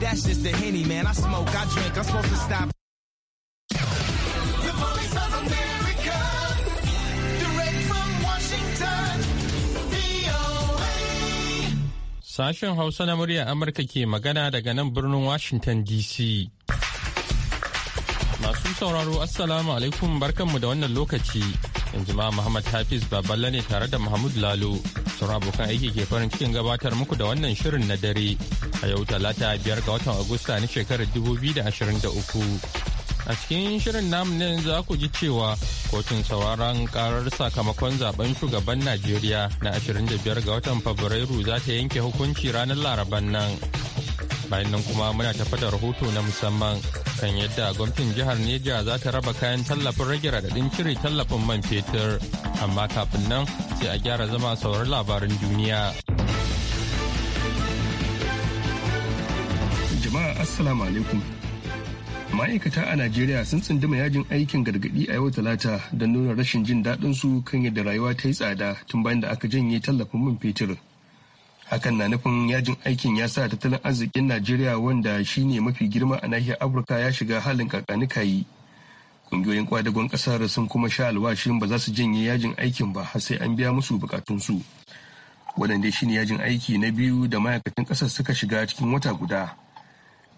That's just the henny, man. I smoke, I drink, I'm supposed to stop. Sashen Hausa na muryar Amurka ke magana daga nan birnin Washington DC. Masu sauraro, Assalamu alaikum barkanmu da wannan lokaci. In ma Muhammad Hafiz Baballa ne tare da Mahmud Lalo sauran abokan aiki ke farin cikin gabatar muku da wannan shirin na dare a yau talata biyar ga watan Agusta na shekarar 2023. a cikin shirin namu ne za ku ji cewa kotun sauraron karar sakamakon zaben shugaban najeriya na 25 ga watan fabrairu za ta yanke hukunci ranar laraban nan bayan nan kuma muna tafi da rahoto na musamman kan yadda gwamnatin jihar neja za ta raba kayan tallafin rage radadin cire tallafin man fetur amma kafin nan sai a gyara zama sauran labarin duniya jama'a assalamu alaikum ma'aikata a najeriya sun tsunduma yajin aikin gargadi a yau talata don nuna rashin jin daɗin su kan yadda rayuwa ta yi tsada tun bayan da aka janye tallafin man fetur hakan na nufin yajin aikin ya sa tattalin arzikin najeriya wanda shine mafi girma a nahiyar afirka ya shiga halin kakanikayi ƙungiyoyin kwadagon kasar sun kuma sha alwashin ba za su janye yajin aikin ba har sai an biya musu bukatunsu waɗande shine yajin aiki na biyu da ma'aikatan kasar suka shiga cikin wata guda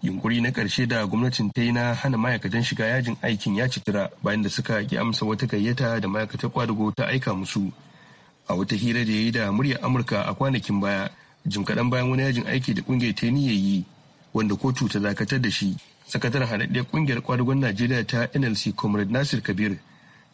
yunkuri na karshe da gwamnatin ta yi na hana ma'aikatan shiga yajin aikin ya citira bayan da suka ki amsa wata gayyata da ma'aikatar kwadago ta aika musu a wata hira da ya yi da muryar amurka a kwanakin baya jim kaɗan bayan wani yajin aiki da ƙungiyar teni ya yi wanda kotu ta dakatar da shi sakataren haɗaɗɗiyar ƙungiyar kwadugon najeriya ta nlc comrade nasir kabir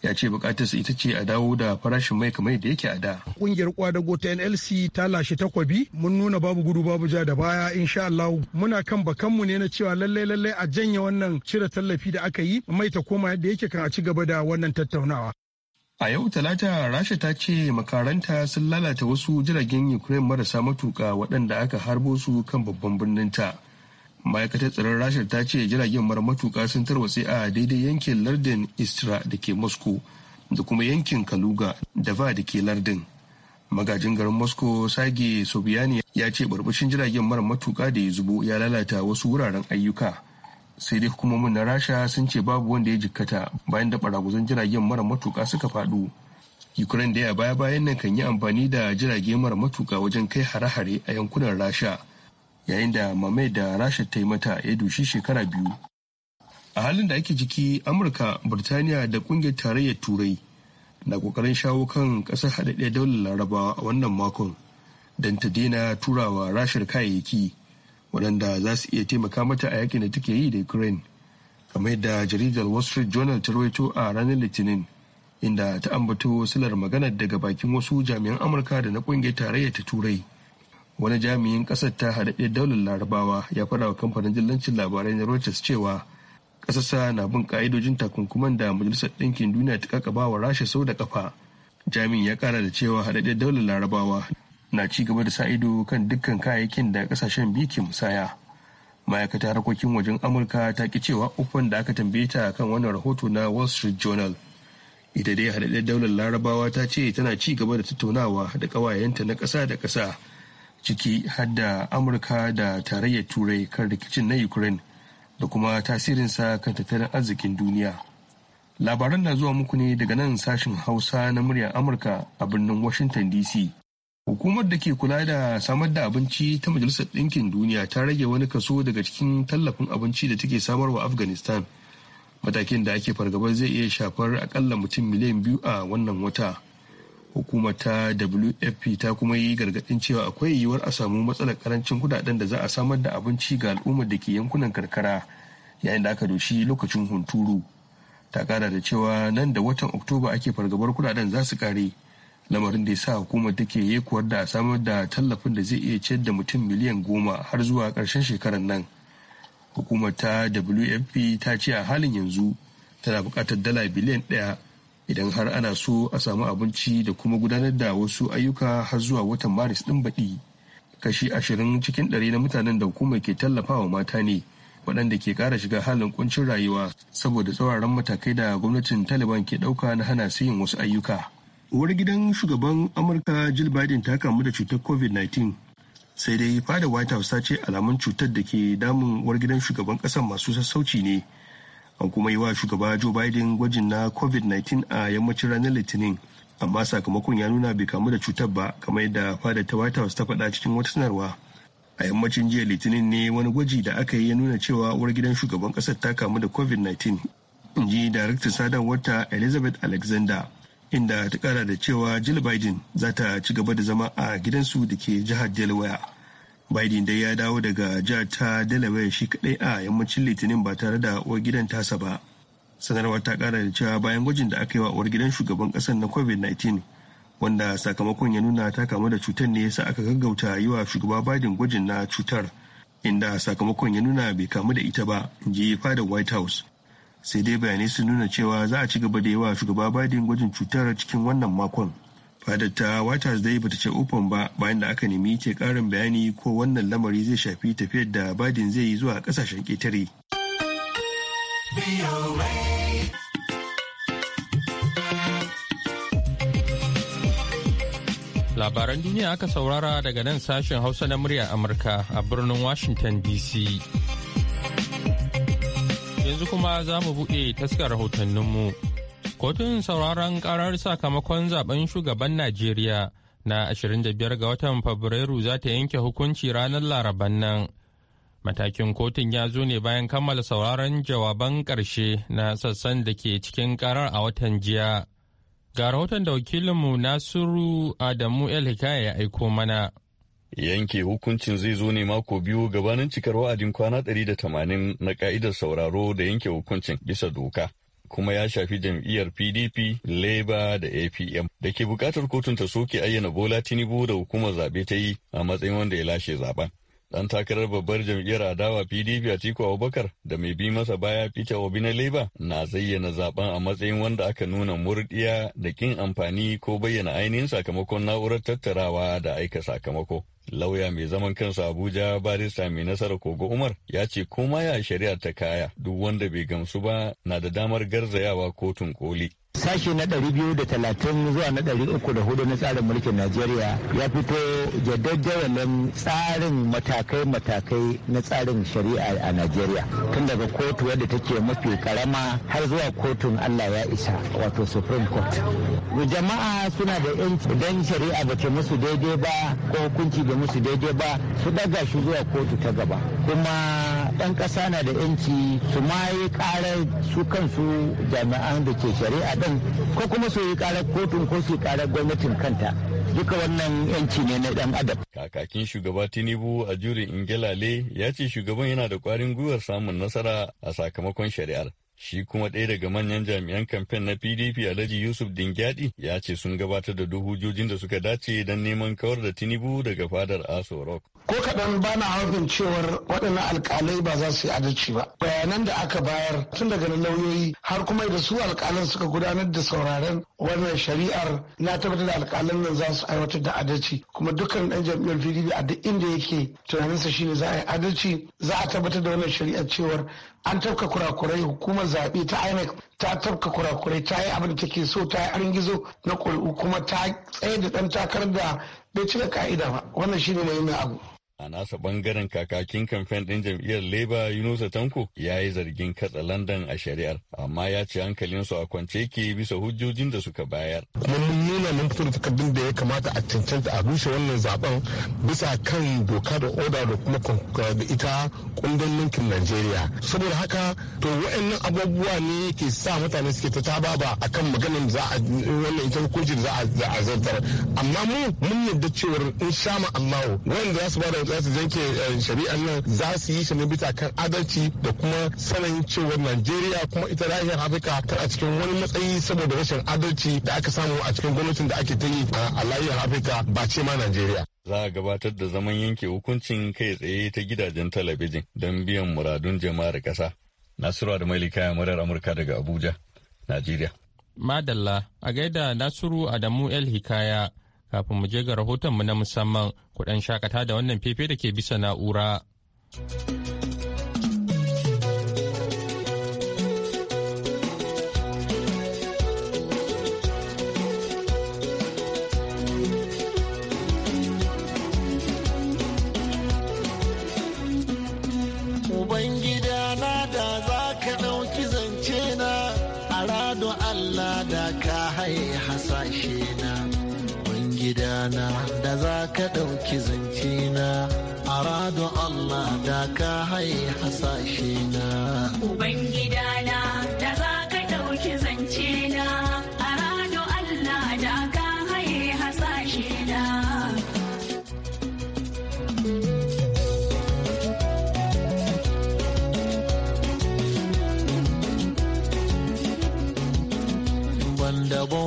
ya ce bukatarsa ita ce a dawo da farashin mai kamar da yake a da. ƙungiyar kwadago ta NLC ta lashe takwabi mun nuna babu gudu babu ja da baya insha Allah muna kan bakanmu ne na cewa lallai lallai a janye wannan cire tallafi da aka yi mai ta koma yadda yake kan a ci gaba da wannan tattaunawa. A yau Talata Rasha ta ce makaranta sun lalata wasu jiragen Ukraine marasa matuka waɗanda aka harbo su kan babban birnin ta. Ma'aikatar tsaron Rasha ta ce jiragen mara matuka sun tarwatse a daidai yankin lardin Istra da ke Moscow da kuma yankin Kaluga da va da ke lardin. Magajin garin Moscow Sage Sobiani ya ce barbashin jiragen mara matuka da ya zubo ya lalata wasu wuraren ayyuka. sai dai hukumomin na rasha sun ce babu wanda ya jikkata bayan da baraguzan jiragen mara matuka suka faɗo ukraine da ya baya bayan nan kan yi amfani da jirage mara matuka wajen kai hare-hare a yankunan rasha yayin da mamai da rasha ta yi mata ya dushi shekara biyu a halin da ake ciki amurka birtaniya da kungiyar tarayyar turai na kokarin shawo kan kasar haɗaɗɗiyar daular larabawa a wannan makon don ta daina turawa rashar kayayyaki waɗanda za su iya taimaka mata a yakin da take yi da ukraine kamar yadda jaridar wall street journal ta rawaito a ranar litinin inda ta ambato silar maganar daga bakin wasu jami'an amurka da na ƙungiyar tarayya ta turai wani jami'in ƙasar ta haɗaɗɗiyar daular larabawa ya faɗa wa kamfanin jillancin labarai na reuters cewa ƙasarsa na bin ƙa'idojin takunkuman da majalisar ɗinkin duniya ta ƙaƙaba wa rasha sau da ƙafa jami'in ya ƙara da cewa haɗaɗɗiyar daular larabawa na ci gaba da sa ido kan dukkan kayayyakin da kasashen biyu ke musaya ma'aikata harkokin wajen amurka ta ki cewa uffan da aka tambaye ta kan wannan rahoto na wall street journal ita dai haɗaɗɗen daular larabawa ta ce tana ci gaba da tattaunawa da ƙawayenta na ƙasa da ƙasa ciki har da amurka da tarayyar turai kan rikicin na ukraine da kuma tasirinsa kan tattalin arzikin duniya labaran na zuwa muku ne daga nan sashen hausa na muryar amurka a birnin washington dc Hukumar da ke kula da samar da abinci ta Majalisar Ɗinkin Duniya ta rage wani kaso daga cikin tallafin abinci da take samarwa Afghanistan. Matakin da ake fargabar zai iya shafar akalla mutum miliyan biyu a wannan wata. Hukumar ta WFP ta kuma yi gargaɗin cewa akwai yiwuwar a samu matsalar karancin kudaden da za a samar da abinci ga al'ummar da ke yankunan karkara yayin da aka doshi lokacin hunturu. Ta kara da cewa nan da watan Oktoba ake fargabar kudaden za su kare. lamarin da ya sa hukumar take yekuwar da samar da tallafin da zai iya ciyar da mutum miliyan goma har zuwa karshen shekarar nan hukumar ta wfp ta ce a halin yanzu tana bukatar dala biliyan ɗaya idan har ana so a samu abinci da kuma gudanar da wasu ayyuka har zuwa watan maris ɗin baɗi kashi ashirin cikin ɗari na mutanen da hukumar ke tallafawa mata ne waɗanda ke ƙara shiga halin kuncin rayuwa saboda tsauraran matakai da gwamnatin taliban ke ɗauka na hana su yin wasu ayyuka. uwar gidan shugaban amurka jill biden ta kamu da cutar covid-19 sai dai fada white house ta ce alamun cutar da ke damun uwar gidan shugaban kasan masu sassauci ne an kuma yi wa shugaba joe biden gwajin na covid-19 a yammacin ranar litinin amma sakamakon ya nuna bai kamu da cutar ba kamar da fada ta white house ta faɗa cikin wata sanarwa a yammacin jiya litinin ne wani gwaji da aka yi ya nuna cewa uwar gidan shugaban kasar ta kamu da covid-19 in ji daraktan sadarwar ta elizabeth alexander inda ta kara da cewa jill biden za ta ci gaba da zama a gidansu da ke jihar delaware biden dai ya dawo daga jihar ta delaware shi kadai a yammacin litinin ba tare da uwar gidan tasa ba sanarwar ta kara da cewa bayan gwajin da aka yi wa uwar gidan shugaban kasar na covid-19 wanda sakamakon ya nuna ta kamu da cutar ne yasa aka gaggauta yi wa shugaba biden gwajin na cutar inda sakamakon ya nuna bai kamu da ita ba in ji fadar white house sai dai bayanai sun nuna cewa za a ci gaba da yawa shugaba biden gwajin cutar cikin wannan makon fadar ta waters dai bata ce open ba bayan da aka nemi ke karin bayani ko wannan lamari zai shafi tafiyar da biden zai yi zuwa kasashen ƙetare labaran duniya aka saurara daga nan sashen hausa na murya amurka a birnin washington dc yanzu kuma za mu buɗe taskar rahotanninmu. Kotun sauraron karar sakamakon zaben shugaban Najeriya na 25 ga watan Fabrairu za ta yanke hukunci ranar Laraban nan. Matakin kotun ya zo ne bayan kammala sauraron jawaban ƙarshe na sassan da ke cikin karar a watan jiya. Ga rahoton da wakilinmu Nasiru Adamu El Hikaya ya aiko mana. Yanke hukuncin zai zo ne mako biyu gabanin cikar wa'adin kwana 180 na ka'idar sauraro da yanke hukuncin bisa doka. kuma ya shafi jam'iyyar PDP, Labour da APM da ke bukatar kotun ta soke ayyana Bola Tinubu da hukumar zaɓe ta yi a matsayin wanda ya lashe zaben. Dan takarar babbar jam'iyyar adawa PDP a Tiko Abubakar da mai bi masa baya Peter Obi na Leba na zayyana zaben a matsayin wanda aka nuna murdiya da kin amfani ko bayyana ainihin sakamakon na'urar tattarawa da aika sakamako. Lauya mai zaman kansa Abuja barista mai nasara Kogo Umar ya ce koma ya shari'a ta kaya duk wanda bai gamsu ba na da damar garzayawa kotun koli. sashi na ɗari biyu da talatin zuwa na ɗari uku da hudu na tsarin mulkin Najeriya ya fito jaddadawalin tsarin matakai-matakai na tsarin shari'a a Najeriya. Tun daga kotu wadda take mafi karama har zuwa kotun Allah ya isa wato Supreme Court. Jama'a suna da yanci idan shari'a ba ta musu daidai ba ko hukunci ba musu daidai ba su daga shi zuwa kotu ta gaba. Kuma ɗan ƙasa na da yanci su ma yi ƙarar su kansu jami'an da ke shari'a ɗin ko kuma su yi ƙarar kotun ko su yi ƙarar gwamnatin kanta duka wannan yanci ne na ɗan adam. Kakakin shugaba Tinubu a jure Ingelale ya ce shugaban yana da ƙwarin gwiwar samun nasara a sakamakon shari'ar. Shi kuma ɗaya daga manyan jami'an kamfen na PDP Alhaji Yusuf Dingyadi ya ce sun gabatar da duhujojin da suka dace don neman kawar da Tinubu daga fadar Aso Rock. ko kaɗan ba na harbin cewar waɗannan alƙalai ba za su yi adalci ba bayanan da aka bayar tun daga lauyoyi har kuma da su alkalan suka gudanar da sauraren wannan shari'ar na tabbatar da alkalan nan za su aiwatar da adalci kuma dukkan ɗan jam'iyyar pdp a duk inda yake tunaninsa shine za a yi adalci za a tabbatar da wannan shari'ar cewar an tafka kurakurai hukumar zaɓe ta inec ta tafka kurakurai ta yi abin da take so ta yi arin gizo na kuri'u kuma ta tsaye da ɗan takarar da bai cika ka'ida ba wannan shine muhimmin abu A nasa bangaren kakakin kamfen ɗin jam'iyyar Labour Yunus Tanko ya yi zargin katsa London a shari'ar, amma ya ce hankalinsu a kwance ke bisa hujjojin da suka bayar. Mun nuna mun fito da takardun da ya kamata a cancanta a rushe wannan zaben bisa kan doka da oda da kuma da ita kundin ninkin Najeriya. Saboda haka to wa'annan abubuwa ne ke sa mutane suke ta taba ba kan maganin za a wannan ita hukuncin za a zartar. Amma mu mun yarda cewar in sha ma'ammawo wanda za su ba za su zanke eh, shari'an nan za su yi shi ne bisa kan adalci da kuma sanin cewa najeriya kuma ita nahiyar afirka ta a cikin wani matsayi saboda rashin adalci da aka samu a cikin gwamnatin da ake ta yi a lahiyar afirka ba ce ma najeriya za a gabatar da zaman yanke hukuncin kai tsaye ta gidajen talabijin don biyan muradun jama'ar ƙasa. Nasiru da kayan murar Amurka daga Abuja, Najeriya. Madalla a gaida Nasiru Adamu El Hikaya. Kafin mu je ga mu na musamman kuɗan shakata da wannan fefe da ke bisa na'ura. gidana da za ka ɗauki zance na a Allah da ka haihasa hasashe na. Ubangidana.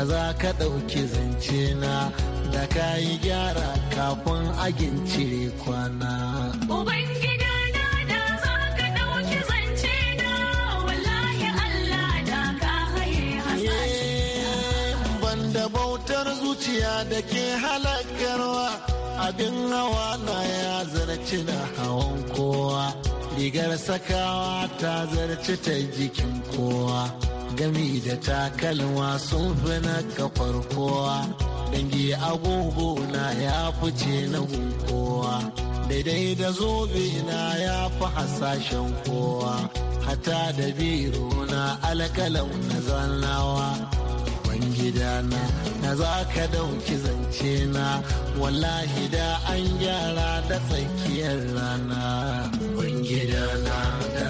kaza ka ɗauki zance na da ka yi gyara kafin agin cire kwana. Eh, da bautar zuciya da ke halakarwa abin hawa na ya zarci na hawan kowa rigar sakawa ta zarci ta jikin kowa gami da takalma sun fi na kafar kowa dangi agogo na ya fice na kowa daidai da zobe na ya fi hasashen kowa hata da biro na alkalau na zannawa gidana na za ka dauki zance na wallahi da an gyara da tsakiyar rana ban gidana da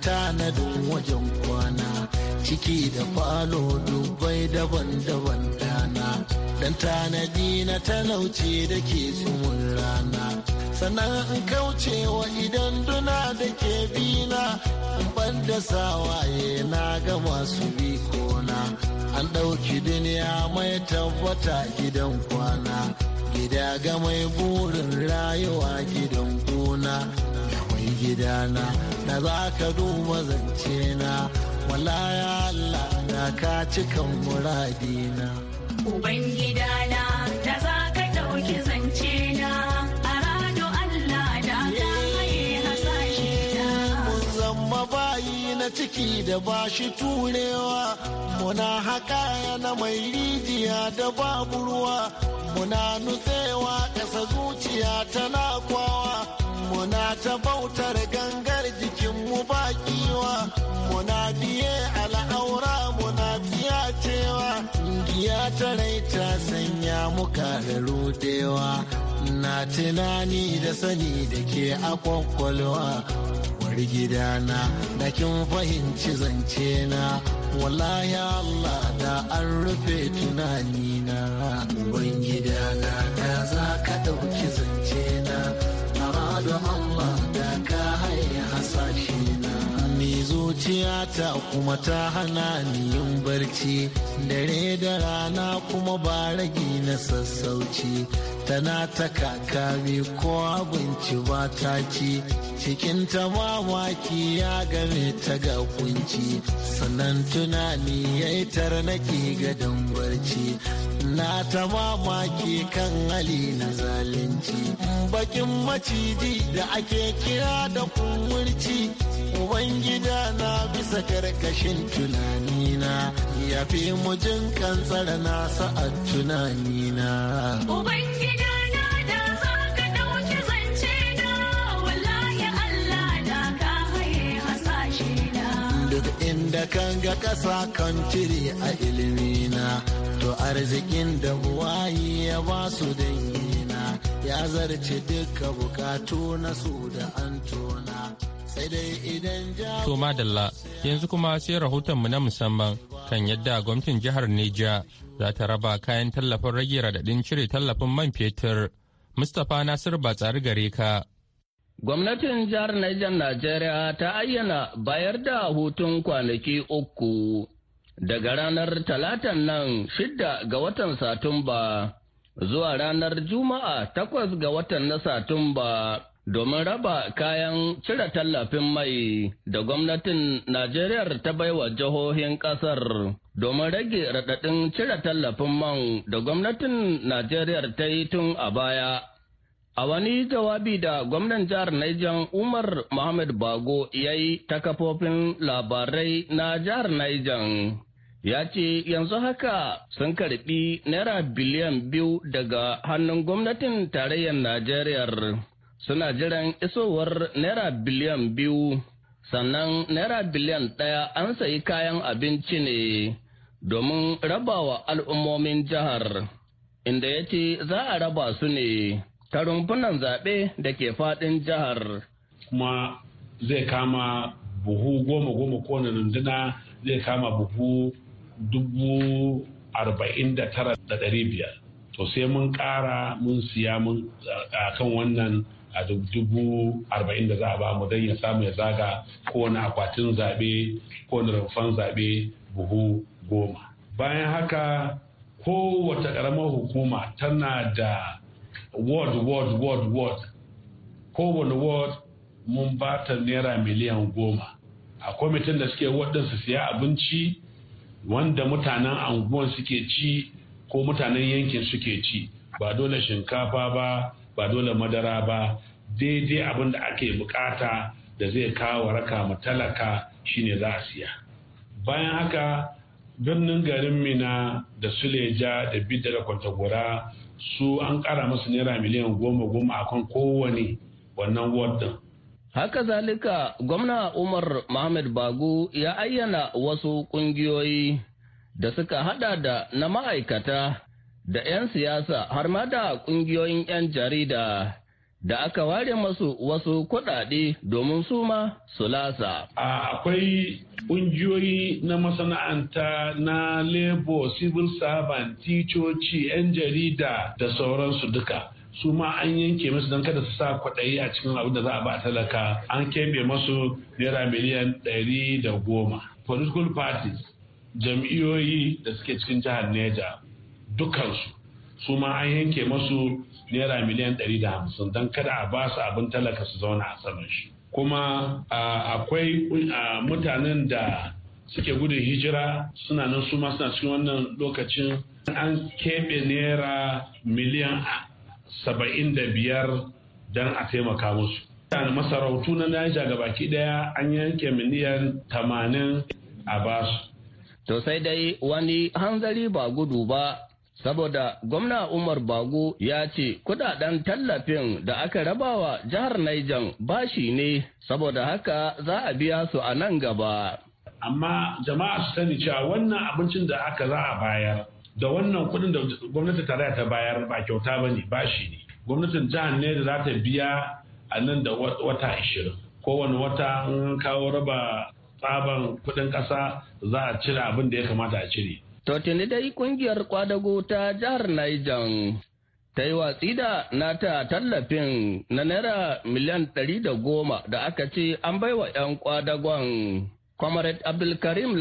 tanadin wajen kwana ciki da falo dubbai daban-daban dana dan tanadi na talauce da ke tsumin rana sannan in kaucewa idan duna da ke bina in ban da sawaye na ga masu bikona an ɗauki duniya mai tabbata gidan kwana gida ga mai burin rayuwa gidan gona da mai gidana da za ka duba zance na wala ya Allah na ka cikan muradina. Ubangida na da za ka ɗauki zance na a rado Allah da ka yi hasashe na. Mun zama bayi na ciki da ba shi turewa, muna haƙa na mai rijiya da babu ruwa, muna nutsewa ƙasa zuciya tana kwawa, muna ta bautar gan da rudewa na tunani da sani da ke a kwakwalwa war gidana da kin fahimci zance na wallahi Allah da an rufe tunani na gidana da za ka ɗauki zance na Allah da ka haye hasashe Zuciyata kuma ta hana ni yin barci dare da rana kuma ba ragi na sassauci tana ta kakami ko abinci ba ta ci cikin ta mamaki ya game ta ga kunci sannan tunani ya yi tarnaki gadon barci na ta mamaki kan hali na zalunci bakin maciji da ake kira da kumurci Ubangida na bisa karkashin tunanina ya fi mu jin kansara na sa'ad tunanina. Ubangida na da za ka zance na wallahi Allah da ka haye hasashe na. Duk inda kan ga ƙasa kan cire a ilimina to arzikin da buwayi ya ba su dangina ya zarce duka bukatu na su da an tona. To madalla yanzu kuma sai rahotonmu na musamman kan yadda gwamnatin jihar Neja za ta raba kayan tallafin rage radadin cire tallafin man fetur. Mustapha Nasir tsari gare ka. Gwamnatin jihar Neja Najeriya ta ayyana bayar da hutun kwanaki uku daga ranar talatan nan shidda ga watan Satumba zuwa ranar Juma'a takwas ga watan na Satumba. domin raba kayan cire tallafin mai da gwamnatin Najeriya ta baiwa jihohin ƙasar domin rage raɗaɗin cire tallafin man da gwamnatin Najeriya ta yi tun a baya. A wani jawabi da gwamnan jihar Niger Umar Muhammad Bago ya yi ta kafofin labarai na jihar Niger. ya ce yanzu haka sun karbi naira biliyan biyu daga hannun gwamnatin tarayyar Najeriya suna jiran isowar naira biliyan biyu sannan naira biliyan ɗaya an sayi kayan abinci ne domin rabawa al'ummomin jihar inda ya ce za a raba su ne ta rumfunan zaɓe da ke faɗin jihar. kuma zai kama buhu goma goma kowane runduna zai kama buhu dubu arba'in da tara da ɗari biyar to sai mun ƙara mun siya mun a kan wannan a dubu arba'in da za a ba mu don ya samu ya zaga kowane akwatin zaɓe kowane rumfan zaɓe buhu goma bayan haka kowace ƙaramar hukuma tana da ward ward ward ward kowane ward mun ba ta naira miliyan goma a kwamitin da suke waɗansu su siya abinci wanda mutanen anguwan suke ci ko mutanen yankin suke ci ba dole shinkafa ba ba dole madara ba daidai abin da ake bukata da zai kawo raka ma talaka shine za a siya bayan haka birnin garin mina da suleja da bidda da kwantagora su an kara masu naira miliyan goma goma a kan kowane wannan ward Haka zalika, gwamna Umar Mohamed Bagu ya ayyana wasu ƙungiyoyi da suka hada da na ma'aikata da 'yan siyasa har ma da ƙungiyoyin 'yan jarida da aka ware masu wasu kuɗaɗe domin su ma su lasa. Akwai ƙungiyoyi na masana'anta na lebo, civil servant, ticoci, 'yan jarida da sauransu duka. su ma an yanke musu don kada su sa kwaɗayi a cikin abin da za a ba talaka an keɓe masu naira miliyan ɗari da goma. Political parties jam'iyoyi da suke cikin jihar Neja dukansu su ma an yanke masu naira miliyan ɗari da hamsin don kada a ba su abin talaka su zauna a saman shi kuma akwai mutanen da suke gudun hijira suna nan su ma suna cikin wannan lokacin an keɓe naira miliyan saba'in da biyar don a taimaka musu masarautu na naija gabaki daya an yanke miliyan tamanin a basu To sai dai wani hanzari ba gudu ba saboda gwamna Umar Bago ya ce kudaden tallafin da aka rabawa jihar Niger bashi ne saboda haka za a biya su a nan gaba. Amma jama'a su sani cewa wannan abincin da aka za a bayar da wannan kudin da gwamnati tarayya ta bayar ba kyauta ba ne bashi ne. Gwamnatin jihar ne da za ta biya a nan da wata ashirin. Kowane wata kawo raba tsaban kudin ƙasa za a cire abin da ya kamata a cire. To tuni dai kungiyar kwadago ta jihar Niger ta yi watsi da nata tallafin na naira miliyan ɗari da goma da aka ce an bai wa 'yan kwadagon. Comrade Abdulkarim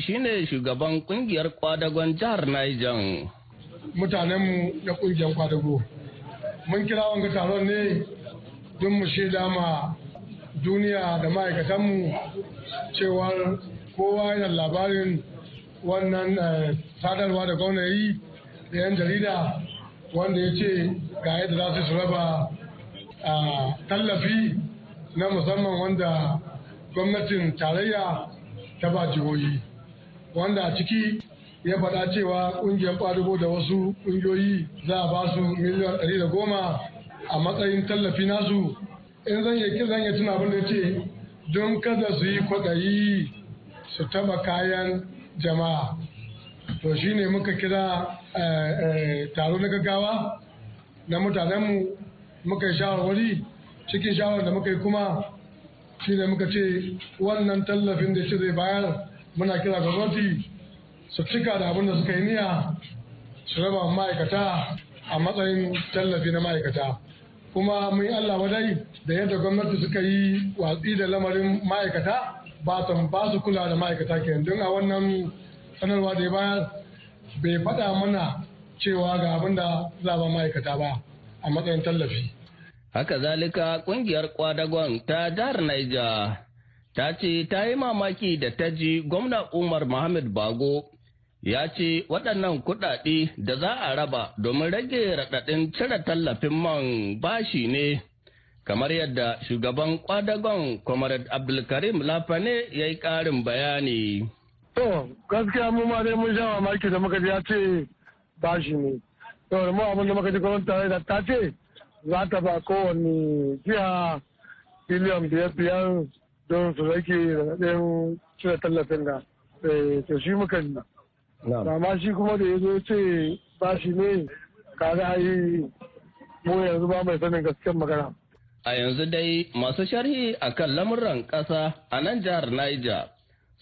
shi ne shugaban kungiyar kwadagon jihar Niger. Mutanenmu na kungiyar kwadago. Mun kira wanga taron ne don mu shaida ma duniya da ma'aikatanmu cewar kowa yana labarin wannan eh, sadarwa da gwamna yi da 'yan jarida wanda ya ce ga yadda za su raba tallafi na musamman wanda gwamnatin tarayya ta ba jihohi wanda a ciki ya faɗa cewa ƙungiyar ƙwadugo da wasu ƙungiyoyi za a ba su miliyan ɗari da goma a matsayin tallafi nasu in zan yi zan yi tuna abin da ce don kada su yi kwaɗayi su taɓa kayan jama'a to shi ne muka kira eh, eh, taro na gaggawa na mutanenmu muka yi shawarwari cikin shawarar da muka yi kuma shi ne muka ce wannan tallafin da shi zai bayar muna kira gwamnati su cika da abin da suka yi niyya su raba ma'aikata a matsayin tallafi na ma'aikata kuma mun yi allah wadai da yadda gwamnati suka yi watsi da lamarin ma'aikata ba su kula da ma'aikata kenan don a wannan sanarwa da ya bai faɗa mana cewa ga abin da za ba ma'aikata ba a matsayin tallafi. Haka zalika ƙungiyar kwadagon ta jihar Naija ta ce ta yi mamaki da ta ji gwamna Umar Mohamed Bago ya ce waɗannan kuɗaɗe da za a raba domin rage raɗaɗin cire tallafin man bashi ne kamar yadda shugaban kwadagon comrade abdulkarim lafane ya yi karin bayani to gaskiya mu ma dai mun sha mamaki da muka ji ya ce bashi ne to mu abin da muka ji gwamnati tare da ta ce za ta ba kowane jiya biliyan biyar biyar don su rage raɗaɗin cire tallafin da eh, to shi muka ji amma shi kuma da ya zo ce bashi ne kaga ai mu yanzu ba mai sanin gaskiyar magana A yanzu dai masu sharhi a kan lamuran ƙasa a nan jihar Niger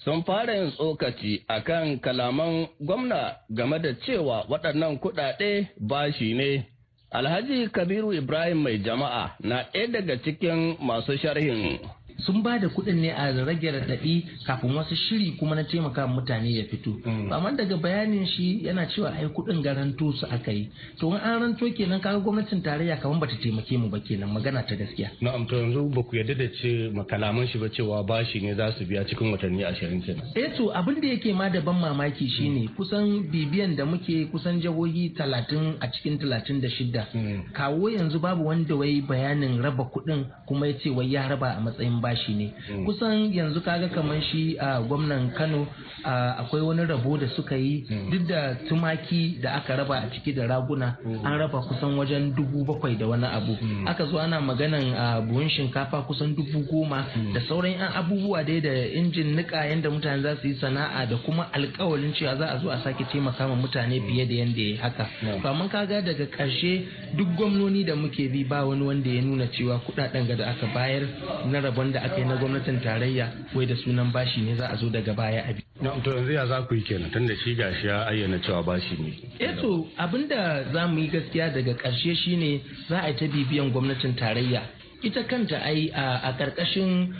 sun fara yin tsokaci a kan kalaman gwamna game da cewa waɗannan kuɗaɗe bashi ne. Alhaji Kabiru Ibrahim mai jama'a na ɗaya daga cikin masu sharhin. sun ba da kuɗin ne a rage raɗaɗi kafin wasu shiri kuma na taimaka mutane ya fito mm. amma daga bayanin shi yana cewa ai kuɗin garanto su aka yi to in an ranto kenan kaga gwamnatin tarayya kamar bata taimake mu ba kenan magana ta gaskiya na'am to yanzu ba ku yarda da ce makalaman shi ba cewa bashi ne za su biya cikin watanni ashirin kenan eh to abin da yake ma da ban mamaki shine mm. kusan bibiyan da muke kusan jihohi talatin a cikin talatin da shida mm. kawo yanzu babu wanda wai bayanin raba kuɗin kuma ya ce wai ya raba a matsayin bashi ne mm. kusan yanzu kaga kamar shi a gwamnan kano akwai wani rabo da suka yi mm. duk da tumaki da aka raba a ciki da raguna mm. an raba kusan wajen dubu bakwai da wani abu aka zo ana maganan buhun shinkafa kusan dubu goma da sauran yan abubuwa dai da injin nika yadda mutane za su yi sana'a da kuma alkawalin cewa za a zo a sake taimaka ma mutane fiye da yadda ya haka ba mun kaga daga karshe duk gwamnoni da muke bi ba wani wanda ya nuna cewa kuɗaɗen ga da aka bayar na rabon da aka yi na gwamnatin tarayya wai da sunan bashi ne za a zo daga baya abi to yanzu ya za ku yi kenan da shi shi ya ayyana cewa bashi ne eh to abinda za mu yi gaskiya daga ƙarshe shine za a yi ta bibiyan gwamnatin tarayya ita kanta ai a karkashin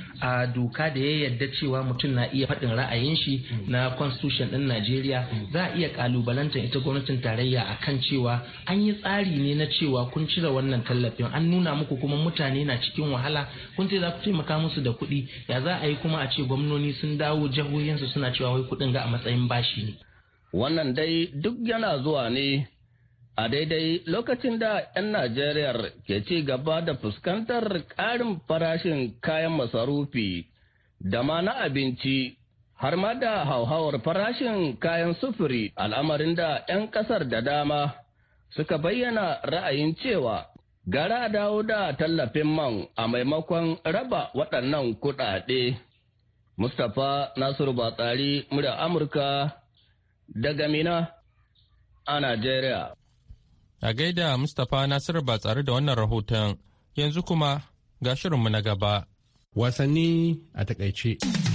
doka da ya yadda cewa mutum na iya faɗin ra'ayin shi na constitution ɗin Najeriya za a iya kalubalantar ita gwamnatin tarayya akan cewa an yi tsari ne na cewa kun cire wannan tallafin an nuna muku kuma mutane na cikin wahala kun ce za ku taimaka musu da kuɗi ya za a yi kuma a ce gwamnoni sun dawo jahohinsu suna cewa wai kuɗin ga a matsayin bashi ne. Wannan dai duk yana zuwa ne A daidai lokacin da 'yan Najeriya ke ci gaba da fuskantar ƙarin farashin kayan masarufi da ma na abinci har ma da hauhawar farashin kayan sufuri al'amarin da 'yan ƙasar da dama suka bayyana ra'ayin cewa gara dawo da tallafin man a maimakon raba waɗannan kuɗaɗe. Mustapha Nasiru Batsari, murya Amurka daga Mina a Najeriya. A gaida Mustapha Nasiru ba tsare da wannan rahoton yanzu kuma ga shirinmu na gaba. Wasanni a takaice.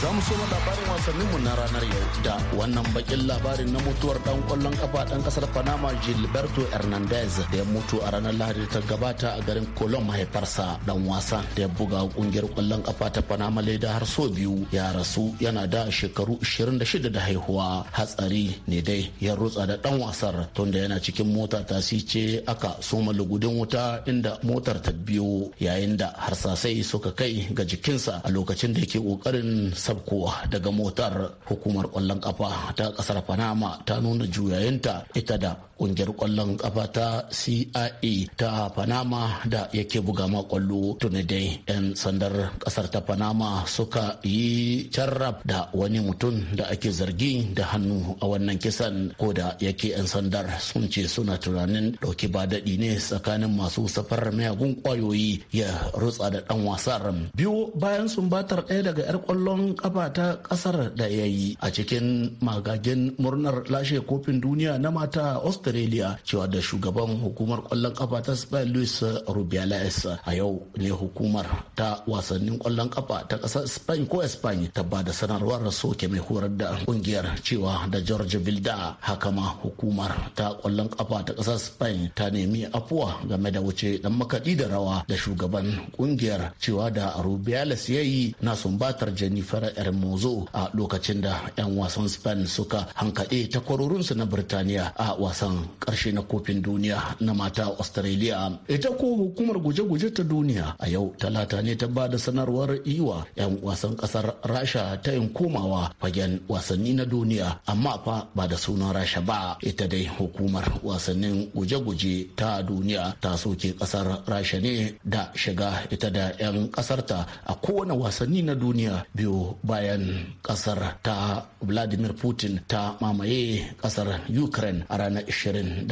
za mu so labarin wasanninmu na ranar yau da wannan bakin labarin na mutuwar dan kwallon kafa dan kasar panama gilberto hernandez da ya mutu a ranar lahadi ta gabata a garin colon mahaifarsa dan wasa da ya buga kungiyar kwallon kafa ta panama leda har so biyu ya rasu yana da shekaru 26 da haihuwa hatsari ne dai ya rutsa da dan wasar tunda yana cikin mota tasi ce aka soma lugudin wuta inda motar ta biyo yayin da harsasai suka kai ga jikinsa a lokacin da yake kokarin sabko daga motar hukumar kwallon kafa ta kasar panama ta nuna juyayinta ita da kungiyar kwallon kafa ta cia ta panama da yake buga ma kwallo tuni 'yan sandar kasar ta panama suka yi carrab da wani mutum da ake zargi da hannu a wannan kisan ko da yake 'yan sandar sun ce suna tunanin dauki ba daɗi ne tsakanin masu safar mayagun kwayoyi ya rutsa da ɗan wasar biyu bayan sumbatar ɗaya daga 'yar kwallon kafa ta kasar da ya yi a cikin magagin murnar lashe kofin duniya na mata australia cewa da shugaban hukumar kwallon kafa ta spain luis rubiales a yau ne hukumar ta wasannin kwallon kafa ta kasar spain ko spain ta ba da sanarwar soke mai horar da kungiyar cewa da george bilda haka ma hukumar ta kwallon kafa ta kasar spain ta nemi afuwa game da wuce dan makaɗi da rawa da shugaban kungiyar cewa da rubiales ya yi na sumbatar jennifer mozo a lokacin da 'yan wasan spain suka hankaɗe takwarorinsu na birtaniya a wasan ƙarshe na kofin duniya na mata australia ita ko hukumar guje-guje ta duniya a yau talata ne ta ba da sanarwar iwa 'yan wasan ƙasar rasha ta yin komawa fagen wasanni na duniya amma fa ba da sunan rasha ba ita dai hukumar wasannin guje-guje ta duniya ta soke ƙasar rasha ne da shiga ita da 'yan ƙasarta a kowane wasanni na duniya biyu bayan kasar ta vladimir putin ta mamaye kasar ukraine a ranar 24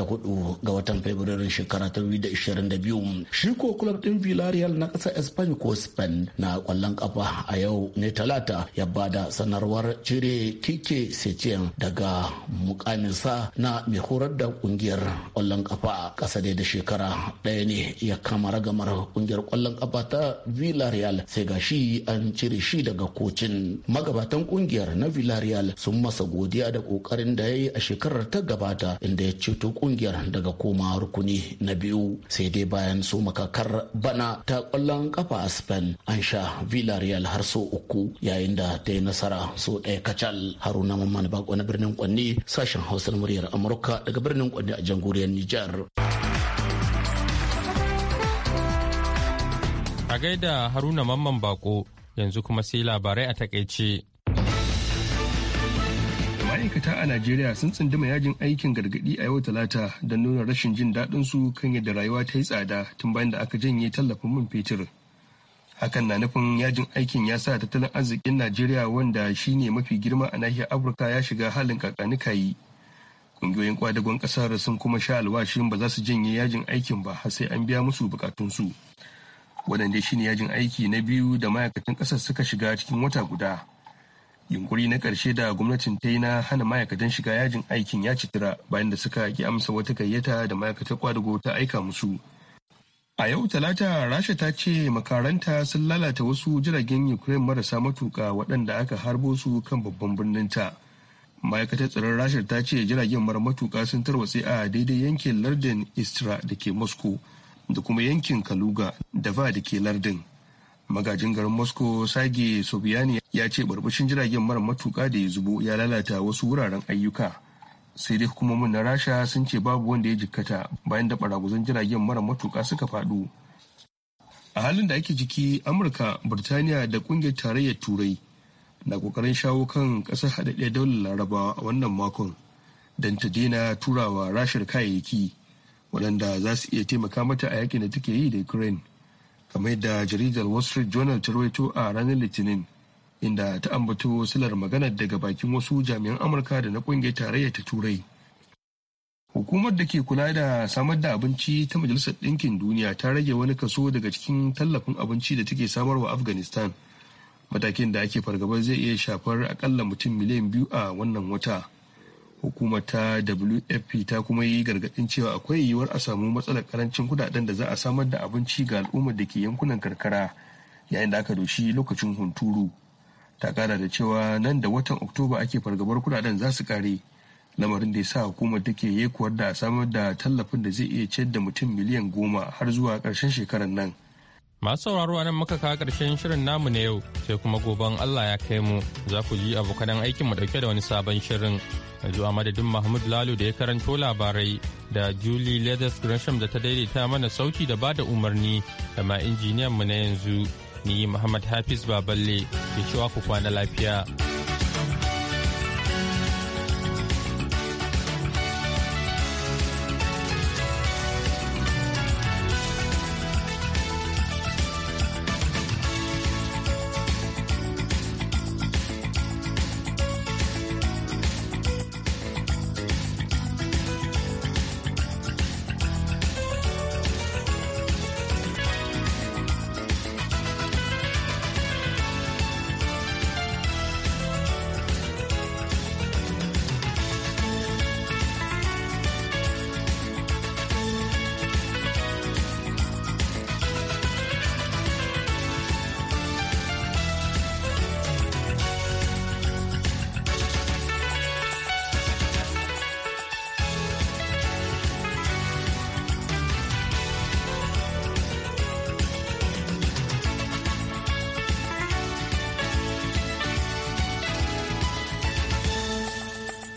ga watan fabrairun shekara ta 2022 shi ko club din villarreal na kasar spain ko spain na kwallon kafa a yau ne talata ya bada sanarwar cire kike setien daga mukaminsa na mai horar da kungiyar kwallon kafa kasa da shekara ɗaya ne ya kama ragamar kungiyar kwallon kafa ta villarreal sai ga shi an cire shi daga kocin Magabatan ƙungiyar na Villarreal sun masa godiya da kokarin da ya yi a shekarar ta gabata inda ya ceto ƙungiyar daga koma rukuni na biyu. Sai dai bayan su makakar bana ta kwallon kafa a Spain an sha Villarreal har so uku yayin da ta yi nasara so ɗaya kacal. Haruna Mamman Bako na birnin Kwanni sashen Hausa muryar Amurka daga birnin Kwanni a jamhuriyar Nijar. A gaida Haruna Mamman Bako yanzu kuma sai labarai a takaice. ma'aikata a najeriya sun tsunduma yajin aikin gargadi a yau talata don nuna rashin jin daɗin su kan yadda rayuwa ta yi tsada tun bayan da aka janye tallafin man fetur hakan na nufin yajin aikin ya sa tattalin arzikin najeriya wanda shine mafi girma a nahiyar afirka ya shiga halin yi ƙungiyoyin kwadagon ƙasar sun kuma sha alwashin ba za su janye yajin aikin ba har sai an biya musu bukatunsu. su waɗanda shine yajin aiki na biyu da ma'aikatan ƙasar suka shiga cikin wata guda yunkuri na karshe da gwamnatin ta yi na hana ma'aikatan shiga yajin aikin ya citira bayan da suka ki amsa wata gayyata da ma'aikatar kwadago ta aika musu a yau talata rasha ta ce makaranta sun lalata wasu jiragen ukraine marasa matuka waɗanda aka harbo su kan babban birnin ta ma'aikatar tsaron rashar ta ce jiragen mara matuka sun tarwatse a daidai yankin lardin istra da ke moscow da kuma yankin kaluga da va da ke lardin magajin garin moscow sage sobiani ya ce barbashin jiragen mara matuka da ya zubo ya lalata wasu wuraren ayyuka sai dai hukumomin na rasha sun ce babu wanda ya jikkata bayan da baraguzan jiragen mara matuka suka faɗo a halin da ake jiki amurka birtaniya da kungiyar tarayyar turai na kokarin shawo kan ƙasar haɗaɗɗiyar daular larabawa a wannan makon don ta daina turawa rashar kayayyaki waɗanda za su iya taimaka mata a yakin da take yi da ukraine kamar da jaridar wall street journal ta rawaito a ranar litinin inda ta ambato silar maganar daga bakin wasu jami'an amurka da na ƙungiyar tarayya ta turai hukumar da ke kula da samar da abinci ta majalisar ɗinkin duniya ta rage wani kaso daga cikin tallafin abinci da take samarwa afghanistan matakin da ake fargabar zai iya shafar akalla mutum miliyan biyu a wannan wata hukumar ta wfp ta kuma yi gargadin cewa akwai yiwuwar a samu matsalar karancin kudaden da za a samar da abinci ga al'ummar da ke yankunan karkara yayin da aka doshi lokacin hunturu ta kara da cewa nan da watan oktoba ake fargabar kudaden za su kare lamarin da ya sa hukumar take yekuwar da a samar da tallafin da zai iya ciyar da mutum miliyan goma har zuwa karshen shekarar nan masu sauraro nan muka kawo ƙarshen shirin namu na yau sai kuma goben allah ya kai mu za ku ji abokanan aikin mu dauke da wani sabon shirin yanzu a madadin mahmud lalo da ya karanto labarai da julie leathers gresham da ta daidaita mana sauti da ba da umarni da ma injiniyan mu na yanzu ni muhammad hafiz baballe ke cewa ku kwana lafiya